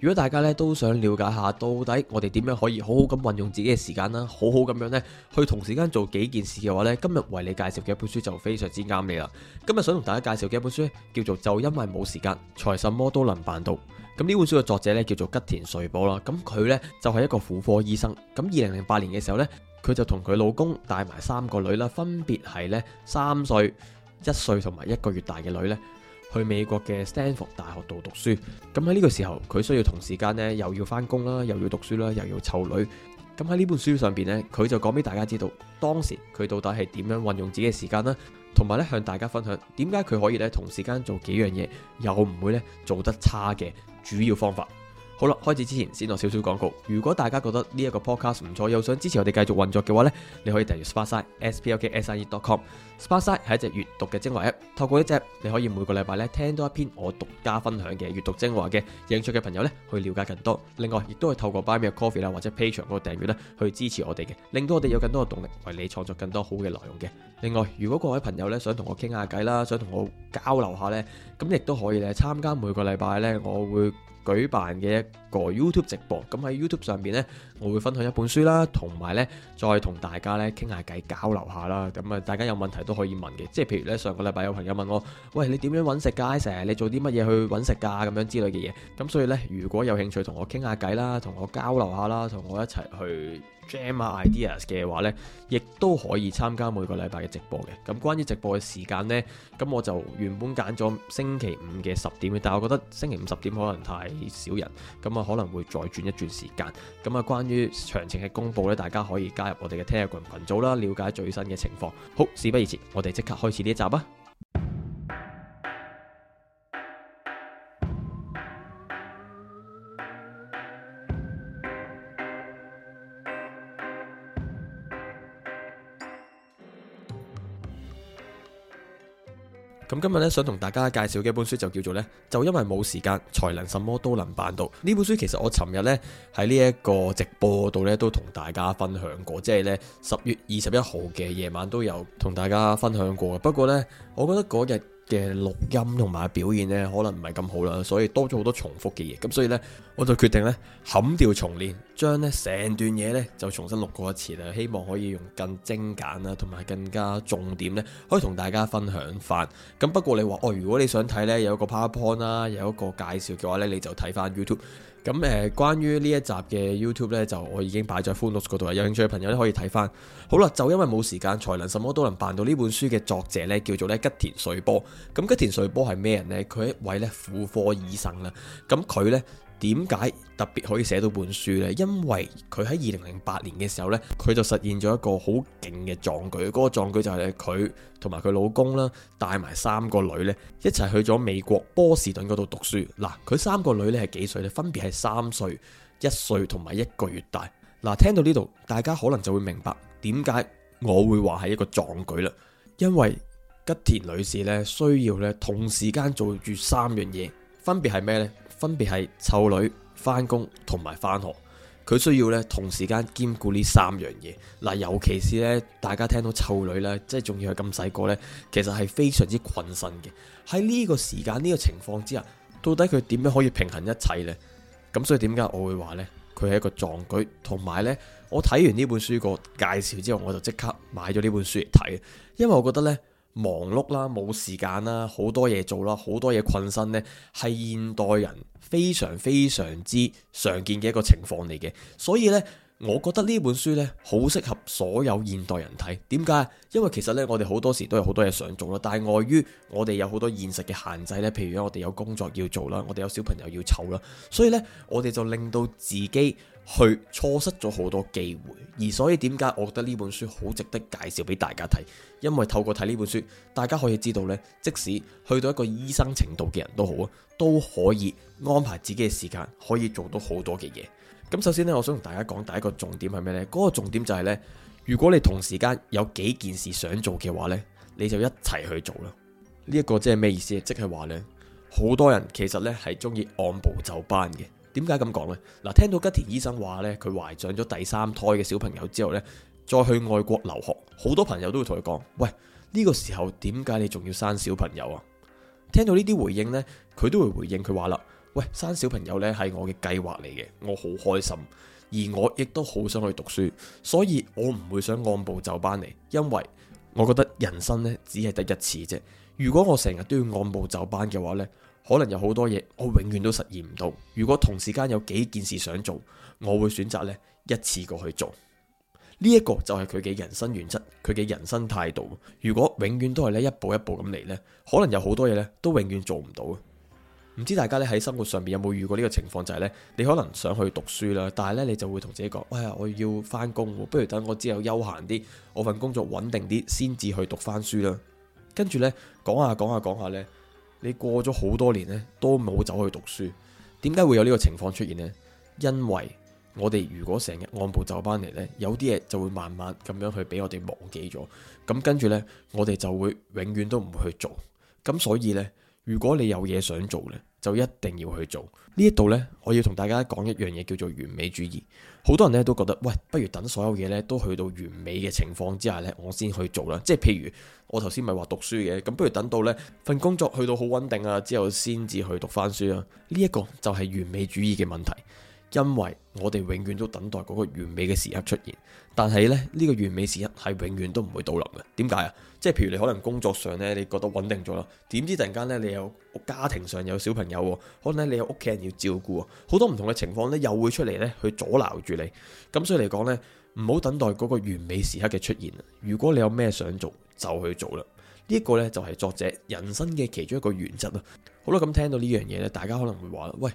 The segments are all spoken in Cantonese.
如果大家咧，都想了解下到底我哋點樣可以好好咁運用自己嘅時間啦，好好咁樣呢去同時間做幾件事嘅話呢，今日為你介紹嘅一本書就非常之啱你啦。今日想同大家介紹嘅一本書叫做《就因為冇時間，才什麼都能辦到》。咁呢本書嘅作者呢叫做吉田穗波啦。咁佢呢就係一個婦科醫生。咁二零零八年嘅時候呢，佢就同佢老公帶埋三個女啦，分別係呢三歲、一歲同埋一個月大嘅女呢。去美國嘅 Stanford 大學度讀書，咁喺呢個時候佢需要同時間咧又要翻工啦，又要讀書啦，又要湊女，咁喺呢本書上邊呢佢就講俾大家知道，當時佢到底係點樣運用自己嘅時間啦，同埋咧向大家分享，點解佢可以咧同時間做幾樣嘢，又唔會咧做得差嘅主要方法。好啦，開始之前先落少少廣告。如果大家覺得呢一個 podcast 唔錯，又想支持我哋繼續運作嘅話呢，你可以訂閱 SparkSine、S P A R K S I N E dot com。SparkSine 係一隻閱讀嘅精華 App，透過一隻你可以每個禮拜咧聽到一篇我獨家分享嘅閱讀精華嘅有興趣嘅朋友咧，去了解更多。另外亦都係透過 Buy Me a Coffee 啊或者 PayPal 嗰個訂閱去支持我哋嘅，令到我哋有更多嘅動力為你創作更多好嘅內容嘅。另外，如果各位朋友咧想同我傾下偈啦，想同我交流下呢，咁亦都可以咧參加每個禮拜呢，我會。舉辦嘅一個 YouTube 直播，咁喺 YouTube 上邊呢，我會分享一本書啦，同埋呢，再同大家呢傾下偈，交流下啦。咁啊，大家有問題都可以問嘅，即係譬如呢，上個禮拜有朋友問我，喂，你點樣揾食㗎？成日你做啲乜嘢去揾食㗎？咁樣之類嘅嘢。咁所以呢，如果有興趣同我傾下偈啦，同我交流下啦，同我一齊去 jam 啊 ideas 嘅話呢，亦都可以參加每個禮拜嘅直播嘅。咁關於直播嘅時間呢，咁我就原本揀咗星期五嘅十點，但係我覺得星期五十點可能太少人，咁啊可能會再轉一轉時間。咁啊，關於詳情嘅公佈呢，大家可以加入我哋嘅 Telegram 群組啦，了解最新嘅情況。好，事不宜遲，我哋即刻開始呢一集啊！今日咧，想同大家介紹嘅一本書，就叫做呢，就因為冇時間，才能什麼都能辦到。呢本書其實我尋日呢喺呢一個直播度呢都同大家分享過，即係呢十月二十一號嘅夜晚都有同大家分享過。不過呢，我覺得嗰日。嘅錄音同埋表現呢，可能唔係咁好啦，所以多咗好多重複嘅嘢，咁所以呢，我就決定呢，砍掉重練，將呢成段嘢呢就重新錄過一次啦，希望可以用更精簡啦，同埋更加重點呢，可以同大家分享翻。咁不過你話哦，如果你想睇呢，有一個 PowerPoint 啦、啊，有一個介紹嘅話呢，你就睇翻 YouTube。咁誒、呃，關於呢一集嘅 YouTube 呢，就我已經擺在 f i n o s 嗰度啦。Hmm. 有興趣嘅朋友咧，可以睇翻。好啦，就因為冇時間，才能什麼都能辦到呢本書嘅作者呢，叫做咧吉田穗波。咁吉田穗波係咩人呢？佢係一位咧婦科醫生啦。咁佢呢。點解特別可以寫到本書呢？因為佢喺二零零八年嘅時候呢，佢就實現咗一個好勁嘅壯舉。嗰個壯舉就係佢同埋佢老公啦，帶埋三個女呢，一齊去咗美國波士頓嗰度讀書。嗱，佢三個女呢係幾歲呢？分別係三歲、一歲同埋一個月大。嗱，聽到呢度，大家可能就會明白點解我會話係一個壯舉啦。因為吉田女士呢，需要呢，同時間做住三樣嘢，分別係咩呢？分別係湊女、返工同埋返學，佢需要咧同時間兼顧呢三樣嘢。嗱，尤其是咧，大家聽到湊女咧，即係仲要係咁細個咧，其實係非常之困身嘅。喺呢個時間、呢個情況之下，到底佢點樣可以平衡一切呢？咁所以點解我會話呢，佢係一個壯舉，同埋呢，我睇完呢本書個介紹之後，我就即刻買咗呢本書嚟睇，因為我覺得呢，忙碌啦，冇時間啦，好多嘢做啦，好多嘢困身呢，係現代人非常非常之常見嘅一個情況嚟嘅。所以呢，我覺得呢本書呢，好適合所有現代人睇。點解？因為其實呢，我哋好多時都有好多嘢想做啦，但係礙於我哋有好多現實嘅限制呢。譬如我哋有工作要做啦，我哋有小朋友要湊啦，所以呢，我哋就令到自己。去錯失咗好多機會，而所以點解我覺得呢本書好值得介紹俾大家睇？因為透過睇呢本書，大家可以知道咧，即使去到一個醫生程度嘅人都好啊，都可以安排自己嘅時間，可以做到好多嘅嘢。咁首先呢，我想同大家講第一個重點係咩呢？嗰個重點就係呢：如果你同時間有幾件事想做嘅話呢，你就一齊去做啦。呢一個即係咩意思？即係話呢，好多人其實呢係中意按部就班嘅。點解咁講呢？嗱，聽到吉田醫生話咧，佢懷上咗第三胎嘅小朋友之後咧，再去外國留學，好多朋友都會同佢講：，喂，呢個時候點解你仲要生小朋友啊？聽到呢啲回應呢，佢都會回應佢話啦：，喂，生小朋友咧係我嘅計劃嚟嘅，我好開心，而我亦都好想去讀書，所以我唔會想按部就班嚟，因為我覺得人生咧只係得一次啫。如果我成日都要按部就班嘅話呢。」可能有好多嘢，我永遠都實現唔到。如果同時間有幾件事想做，我會選擇咧一次過去做。呢一個就係佢嘅人生原則，佢嘅人生態度。如果永遠都係咧一步一步咁嚟咧，可能有好多嘢咧都永遠做唔到。唔知大家咧喺生活上邊有冇遇過呢個情況？就係咧你可能想去讀書啦，但係咧你就會同自己講：，哎呀，我要翻工，不如等我之後休閒啲，我份工作穩定啲，先至去讀翻書啦。跟住咧講下講下講下咧。你過咗好多年咧，都冇走去讀書，點解會有呢個情況出現呢？因為我哋如果成日按部就班嚟呢，有啲嘢就會慢慢咁樣去俾我哋忘記咗，咁跟住呢，我哋就會永遠都唔會去做。咁所以呢，如果你有嘢想做呢，就一定要去做。呢一度呢，我要同大家講一樣嘢，叫做完美主義。好多人咧都覺得，喂，不如等所有嘢咧都去到完美嘅情況之下咧，我先去做啦。即係譬如我頭先咪話讀書嘅，咁不如等到咧份工作去到好穩定啊之後，先至去讀返書啊。呢一個就係完美主義嘅問題。因為我哋永遠都等待嗰個完美嘅時刻出現，但係咧呢、這個完美時刻係永遠都唔會到臨嘅。點解啊？即係譬如你可能工作上咧你覺得穩定咗啦，點知突然間咧你有家庭上有小朋友，可能你有屋企人要照顧，好多唔同嘅情況咧又會出嚟咧去阻撓住你。咁所以嚟講咧，唔好等待嗰個完美時刻嘅出現啊！如果你有咩想做，就去做啦。這個、呢一個咧就係、是、作者人生嘅其中一個原則啦。好啦，咁聽到呢樣嘢咧，大家可能會話啦，喂。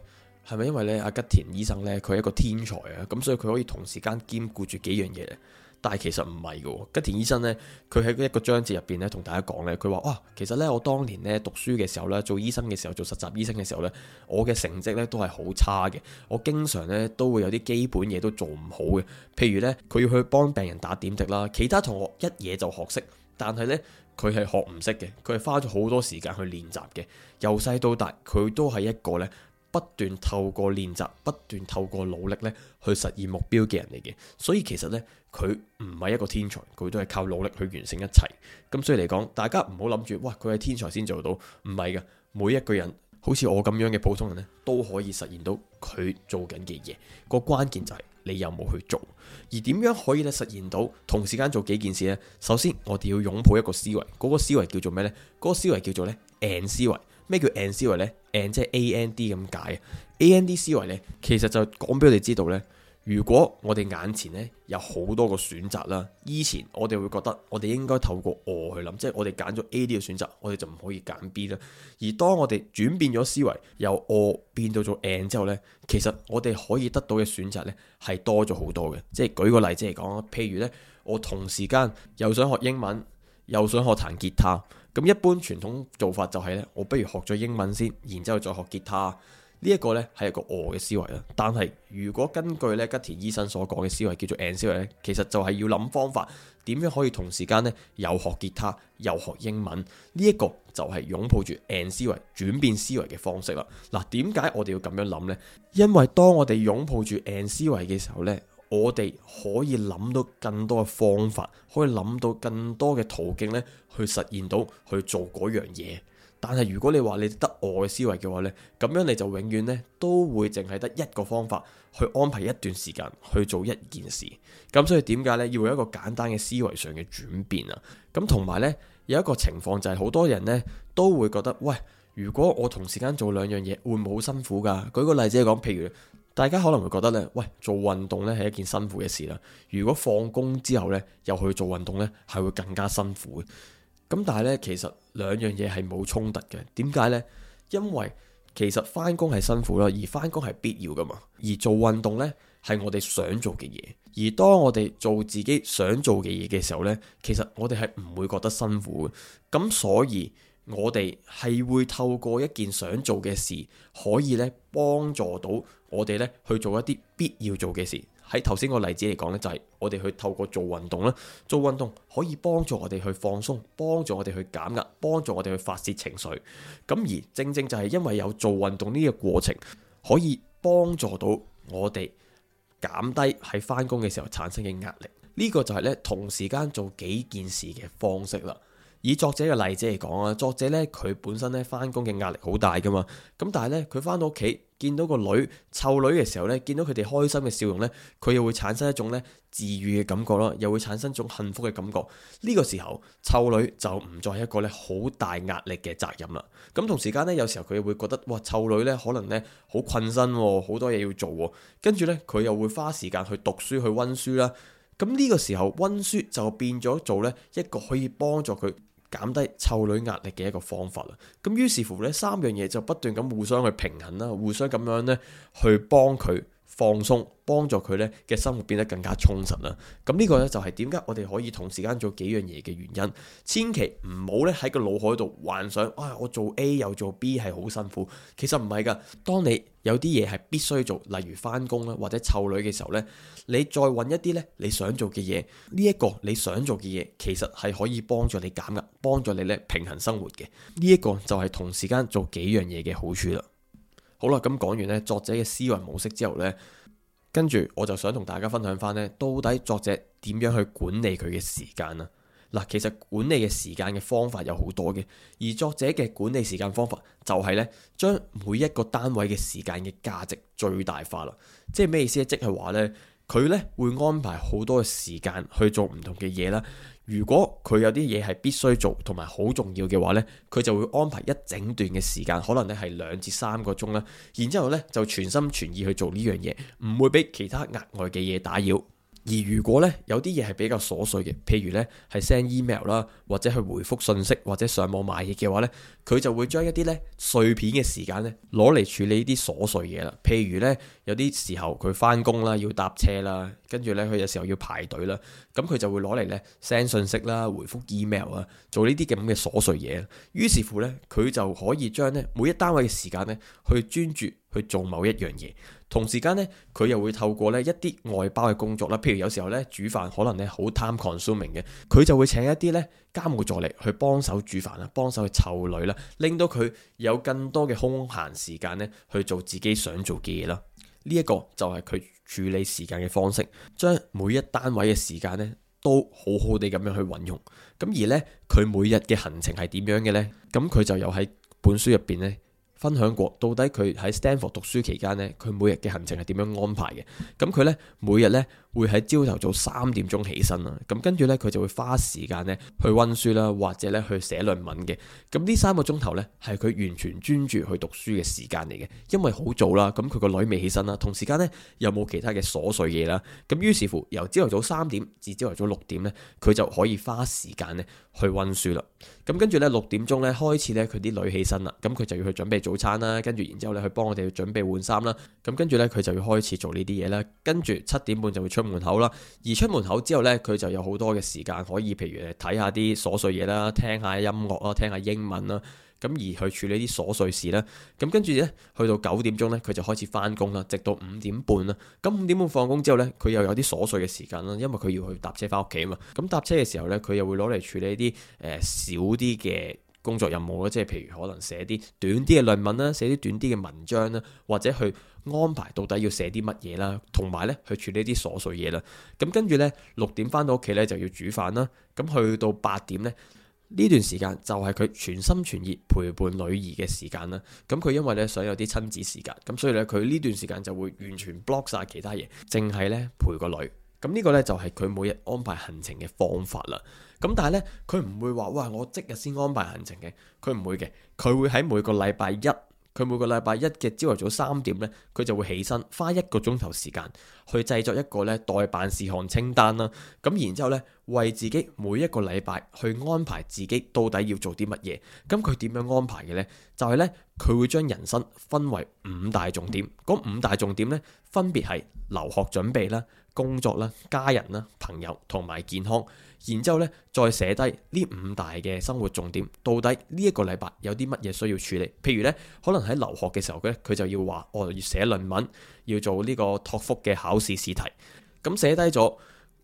係咪因為呢？阿吉田醫生呢，佢係一個天才啊，咁所以佢可以同時間兼顧住幾樣嘢咧？但係其實唔係嘅，吉田醫生呢，佢喺一個章節入邊咧同大家講呢，佢話啊，其實呢，我當年呢，讀書嘅時候呢，做醫生嘅時候做實習醫生嘅時候呢，我嘅成績呢都係好差嘅，我經常呢，都會有啲基本嘢都做唔好嘅，譬如呢，佢要去幫病人打點滴啦，其他同學一嘢就學識，但係呢，佢係學唔識嘅，佢係花咗好多時間去練習嘅，由細到大佢都係一個呢。不斷透過練習，不斷透過努力咧，去實現目標嘅人嚟嘅。所以其實咧，佢唔係一個天才，佢都係靠努力去完成一切。咁所以嚟講，大家唔好諗住，哇，佢係天才先做到，唔係嘅。每一個人，好似我咁樣嘅普通人咧，都可以實現到佢做緊嘅嘢。個關鍵就係你有冇去做，而點樣可以咧實現到同時間做幾件事咧？首先，我哋要擁抱一個思維，嗰個思維叫做咩咧？嗰個思維叫做咧硬思維。咩叫 and 思維呢？a n d 即係 A N D 咁解。A N D 思維呢，其實就講俾我哋知道呢：如果我哋眼前呢有好多個選擇啦，以前我哋會覺得我哋應該透過 or 去諗，即係我哋揀咗 A 呢個選擇，我哋就唔可以揀 B 啦。而當我哋轉變咗思維，由 or 變到咗 and 之後呢，其實我哋可以得到嘅選擇呢係多咗好多嘅。即係舉個例子嚟講啊，譬如呢，我同時間又想學英文，又想學彈吉他。咁一般傳統做法就係呢：我不如學咗英文先，然之後再學吉他。這個、呢一個呢係一個餓嘅思維啦。但係如果根據呢，吉田醫生所講嘅思維叫做 N 思維呢，其實就係要諗方法，點樣可以同時間呢又學吉他又學英文。呢、這、一個就係擁抱住 N 思維轉變思維嘅方式啦。嗱、啊，點解我哋要咁樣諗呢？因為當我哋擁抱住 N 思維嘅時候呢。我哋可以諗到更多嘅方法，可以諗到更多嘅途徑咧，去實現到去做嗰樣嘢。但係如果你話你得，得我嘅思維嘅話呢，咁樣你就永遠咧都會淨係得一個方法去安排一段時間去做一件事。咁所以點解呢？要有一個簡單嘅思維上嘅轉變啊？咁同埋呢，有一個情況就係好多人呢都會覺得喂，如果我同時間做兩樣嘢，會唔會好辛苦噶？舉個例子嚟講，譬如。大家可能會覺得咧，喂，做運動咧係一件辛苦嘅事啦。如果放工之後咧又去做運動咧，係會更加辛苦嘅。咁但係咧，其實兩樣嘢係冇衝突嘅。點解呢？因為其實返工係辛苦啦，而返工係必要㗎嘛。而做運動咧係我哋想做嘅嘢。而當我哋做自己想做嘅嘢嘅時候咧，其實我哋係唔會覺得辛苦嘅。咁所以。我哋係會透過一件想做嘅事，可以咧幫助到我哋咧去做一啲必要做嘅事。喺頭先個例子嚟講咧，就係我哋去透過做運動啦。做運動可以幫助我哋去放鬆，幫助我哋去減壓，幫助我哋去發洩情緒。咁而正正就係因為有做運動呢個過程，可以幫助到我哋減低喺翻工嘅時候產生嘅壓力。呢個就係咧同時間做幾件事嘅方式啦。以作者嘅例子嚟講啊，作者咧佢本身咧返工嘅壓力好大㗎嘛，咁但係咧佢返到屋企見到個女湊女嘅時候咧，見到佢哋開心嘅笑容咧，佢又會產生一種咧治癒嘅感覺咯，又會產生種幸福嘅感覺。呢、這個時候湊女就唔再係一個咧好大壓力嘅責任啦。咁、嗯、同時間咧，有時候佢又會覺得哇湊女咧可能咧好困身喎，好多嘢要做喎，跟住咧佢又會花時間去讀書去温書啦。咁呢個時候温書就變咗做咧一個可以幫助佢。減低湊女壓力嘅一個方法啦，咁於是乎咧，三樣嘢就不斷咁互相去平衡啦，互相咁樣咧去幫佢。放鬆，幫助佢咧嘅生活變得更加充實啦。咁呢個咧就係點解我哋可以同時間做幾樣嘢嘅原因。千祈唔好咧喺個腦海度幻想，啊、哎、我做 A 又做 B 係好辛苦，其實唔係噶。當你有啲嘢係必須做，例如翻工啦或者湊女嘅時候咧，你再揾一啲咧你想做嘅嘢，呢、這、一個你想做嘅嘢，其實係可以幫助你減壓，幫助你咧平衡生活嘅。呢、這、一個就係同時間做幾樣嘢嘅好處啦。好啦，咁講完咧作者嘅思維模式之後呢，跟住我就想同大家分享翻呢，到底作者點樣去管理佢嘅時間啦？嗱，其實管理嘅時間嘅方法有好多嘅，而作者嘅管理時間方法就係呢，將每一個單位嘅時間嘅價值最大化啦，即係咩意思？即係話呢，佢呢會安排好多嘅時間去做唔同嘅嘢啦。如果佢有啲嘢係必須做同埋好重要嘅話呢，佢就會安排一整段嘅時間，可能咧係兩至三個鐘啦，然之後咧就全心全意去做呢樣嘢，唔會俾其他額外嘅嘢打擾。而如果咧有啲嘢係比較瑣碎嘅，譬如咧係 send email 啦，或者去回覆信息，或者上網買嘢嘅話咧，佢就會將一啲咧碎片嘅時間咧攞嚟處理啲瑣碎嘢啦。譬如咧有啲時候佢返工啦，要搭車啦，跟住咧佢有時候要排隊啦，咁佢就會攞嚟咧 send 信息啦，回覆 email 啊，做呢啲咁嘅瑣碎嘢。於是乎咧，佢就可以將咧每一單位嘅時間咧去專注去做某一樣嘢。同時間呢，佢又會透過呢一啲外包嘅工作啦，譬如有時候呢，煮飯可能呢好 time-consuming 嘅，佢就會請一啲呢監護助理去幫手煮飯啦，幫手去湊女啦，令到佢有更多嘅空閒時間呢去做自己想做嘅嘢啦。呢一個就係佢處理時間嘅方式，將每一單位嘅時間呢都好好地咁樣去運用。咁而呢，佢每日嘅行程係點樣嘅呢？咁佢就有喺本書入邊呢分享過，到底佢喺 Stanford 讀書期間呢，佢每日嘅行程係點樣安排嘅？咁佢呢，每日呢。會喺朝頭早三點鐘起身啦，咁跟住呢，佢就會花時間呢去溫書啦，或者呢去寫論文嘅。咁呢三個鐘頭呢，係佢完全專注去讀書嘅時間嚟嘅，因為好早啦，咁佢個女未起身啦，同時間呢，又冇其他嘅瑣碎嘢啦，咁於是乎由朝頭早三點至朝頭早六點呢，佢就可以花時間呢去溫書啦。咁跟住呢，六點鐘呢開始呢，佢啲女起身啦，咁佢就要去準備早餐啦，跟住然之後呢去幫我哋去準備換衫啦，咁跟住呢，佢就要開始做呢啲嘢啦，跟住七點半就會出。門口啦，而出門口之後呢，佢就有好多嘅時間可以，譬如睇下啲瑣碎嘢啦，聽下音樂啦，聽下英文啦，咁而去處理啲瑣碎事啦。咁跟住呢，去到九點鐘呢，佢就開始翻工啦，直到五點半啦，咁五點半放工之後呢，佢又有啲瑣碎嘅時間啦，因為佢要去搭車翻屋企啊嘛，咁搭車嘅時候呢，佢又會攞嚟處理啲誒少啲嘅。呃工作任務啦，即係譬如可能寫啲短啲嘅論文啦，寫啲短啲嘅文章啦，或者去安排到底要寫啲乜嘢啦，同埋咧去處理啲瑣碎嘢啦。咁跟住呢，六點翻到屋企呢，就要煮飯啦。咁去到八點呢，呢段時間就係佢全心全意陪伴女兒嘅時間啦。咁佢因為咧想有啲親子時間，咁所以呢，佢呢段時間就會完全 block 晒其他嘢，淨係呢，陪個女。咁呢個呢，就係佢每日安排行程嘅方法啦。咁但係呢，佢唔會話哇，我即日先安排行程嘅，佢唔會嘅，佢會喺每個禮拜一。佢每個禮拜一嘅朝頭早三點咧，佢就會起身花一個鐘頭時，時間去製作一個咧待辦事項清單啦。咁然之後咧，為自己每一個禮拜去安排自己到底要做啲乜嘢。咁佢點樣安排嘅呢？就係、是、咧，佢會將人生分為五大重點。嗰五大重點咧，分別係留學準備啦、工作啦、家人啦、朋友同埋健康。然之後咧，再寫低呢五大嘅生活重點，到底呢一個禮拜有啲乜嘢需要處理？譬如咧，可能喺留學嘅時候咧，佢就要話，我、哦、要寫論文，要做呢個托福嘅考試試題。咁寫低咗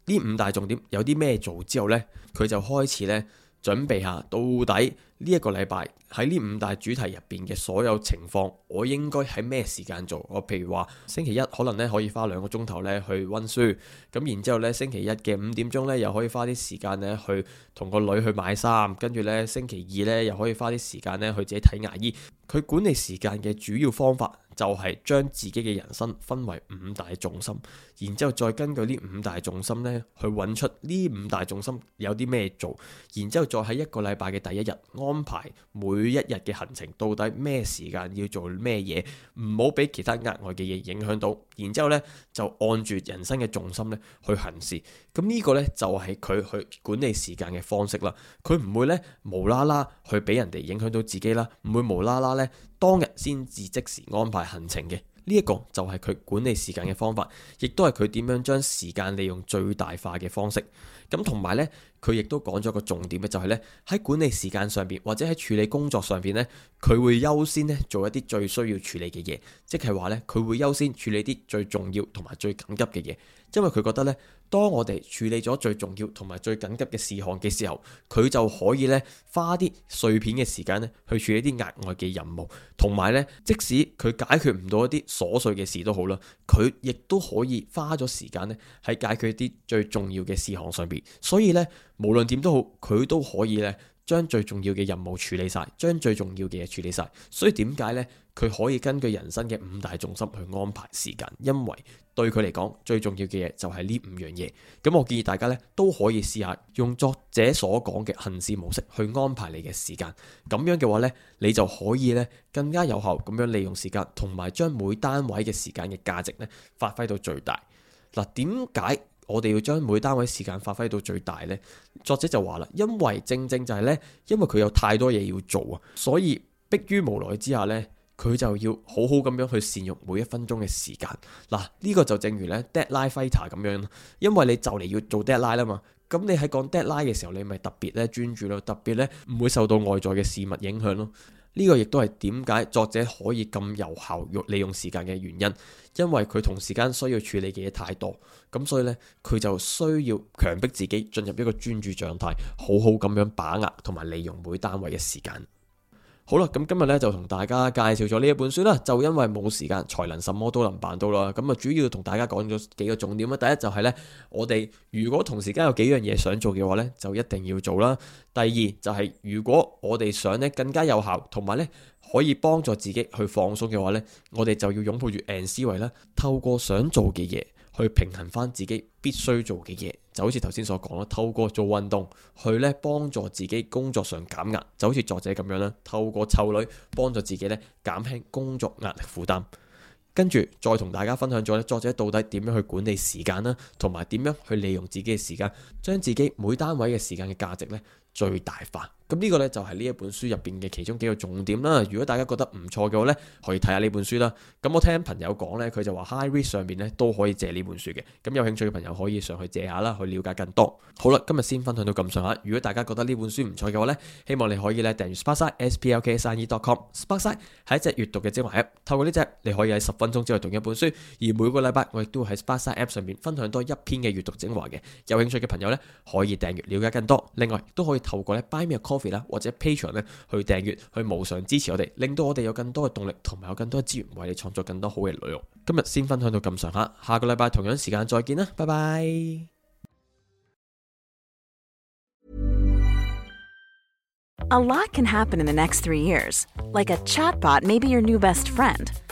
呢五大重點有啲咩做之後咧，佢就開始咧。準備下，到底呢一個禮拜喺呢五大主題入邊嘅所有情況，我應該喺咩時間做？我譬如話星期一可能咧可以花兩個鐘頭咧去温書，咁然之後咧星期一嘅五點鐘咧又可以花啲時間咧去同個女去買衫，跟住咧星期二咧又可以花啲時間咧去自己睇牙醫。佢管理時間嘅主要方法。就係將自己嘅人生分為五大重心，然之後再根據呢五大重心咧，去揾出呢五大重心有啲咩做，然之後再喺一個禮拜嘅第一日安排每一日嘅行程，到底咩時間要做咩嘢，唔好俾其他額外嘅嘢影響到，然之後咧就按住人生嘅重心咧去行事，咁呢個咧就係佢去管理時間嘅方式啦，佢唔會咧無啦啦去俾人哋影響到自己啦，唔會無啦啦咧。當日先至即時安排行程嘅，呢一個就係佢管理時間嘅方法，亦都係佢點樣將時間利用最大化嘅方式。咁同埋呢，佢亦都講咗個重點嘅就係呢：喺管理時間上邊或者喺處理工作上邊呢，佢會優先咧做一啲最需要處理嘅嘢，即係話呢，佢會優先處理啲最重要同埋最緊急嘅嘢。因為佢覺得呢，當我哋處理咗最重要同埋最緊急嘅事項嘅時候，佢就可以呢花啲碎片嘅時間呢去處理啲額外嘅任務，同埋呢，即使佢解決唔到一啲瑣碎嘅事都好啦，佢亦都可以花咗時間呢喺解決一啲最重要嘅事項上邊。所以呢，無論點都好，佢都可以呢。將最重要嘅任務處理晒，將最重要嘅嘢處理晒，所以點解呢？佢可以根據人生嘅五大重心去安排時間，因為對佢嚟講最重要嘅嘢就係呢五樣嘢。咁我建議大家呢，都可以試下用作者所講嘅行事模式去安排你嘅時間，咁樣嘅話呢，你就可以呢更加有效咁樣利用時間，同埋將每單位嘅時間嘅價值呢發揮到最大。嗱、啊，點解？我哋要將每單位時間發揮到最大呢。作者就話啦，因為正正就係呢，因為佢有太多嘢要做啊，所以迫於無奈之下呢，佢就要好好咁樣去善用每一分鐘嘅時間。嗱，呢個就正如呢 deadline fighter 咁樣，因為你就嚟要做 deadline 嘛，咁你喺講 deadline 嘅時候，你咪特別咧專注咯，特別咧唔會受到外在嘅事物影響咯。呢個亦都係點解作者可以咁有效利用時間嘅原因，因為佢同時間需要處理嘅嘢太多，咁所以咧佢就需要強迫自己進入一個專注狀態，好好咁樣把握同埋利用每單位嘅時間。好啦，咁今日咧就同大家介紹咗呢一本書啦。就因為冇時間，才能什麼都能辦到啦。咁啊，主要同大家講咗幾個重點啦。第一就係咧，我哋如果同時間有幾樣嘢想做嘅話咧，就一定要做啦。第二就係如果我哋想咧更加有效，同埋咧可以幫助自己去放鬆嘅話咧，我哋就要擁抱住 N 思維啦，透過想做嘅嘢。去平衡翻自己必須做嘅嘢，就好似頭先所講啦，透過做運動去咧幫助自己工作上減壓，就好似作者咁樣啦，透過湊女幫助自己咧減輕工作壓力負擔，跟住再同大家分享咗咧作者到底點樣去管理時間啦，同埋點樣去利用自己嘅時間，將自己每單位嘅時間嘅價值咧。最大化咁呢，這個呢，就係呢一本書入邊嘅其中幾個重點啦。如果大家覺得唔錯嘅話呢，可以睇下呢本書啦。咁我聽朋友講呢，佢就話 HyRead 上面呢都可以借呢本書嘅。咁有興趣嘅朋友可以上去借下啦，去了解更多。好啦，今日先分享到咁上下。如果大家覺得呢本書唔錯嘅話呢，希望你可以咧訂閱 Spotify SPLK 十二點 com Spotify 係一隻閱讀嘅精華 app。透過呢隻，你可以喺十分鐘之內讀一本書。而每個禮拜我亦都會喺 Spotify app 上面分享多一篇嘅閱讀精華嘅。有興趣嘅朋友呢，可以訂閱了解更多。另外亦都可以。透過咧 Buy Me a Coffee 啦，或者 Patreon 呢，去訂閱，去無償支持我哋，令到我哋有更多嘅動力，同埋有更多嘅資源，為你創作更多好嘅內容。今日先分享到咁上下，下個禮拜同樣時間再見啦，拜拜。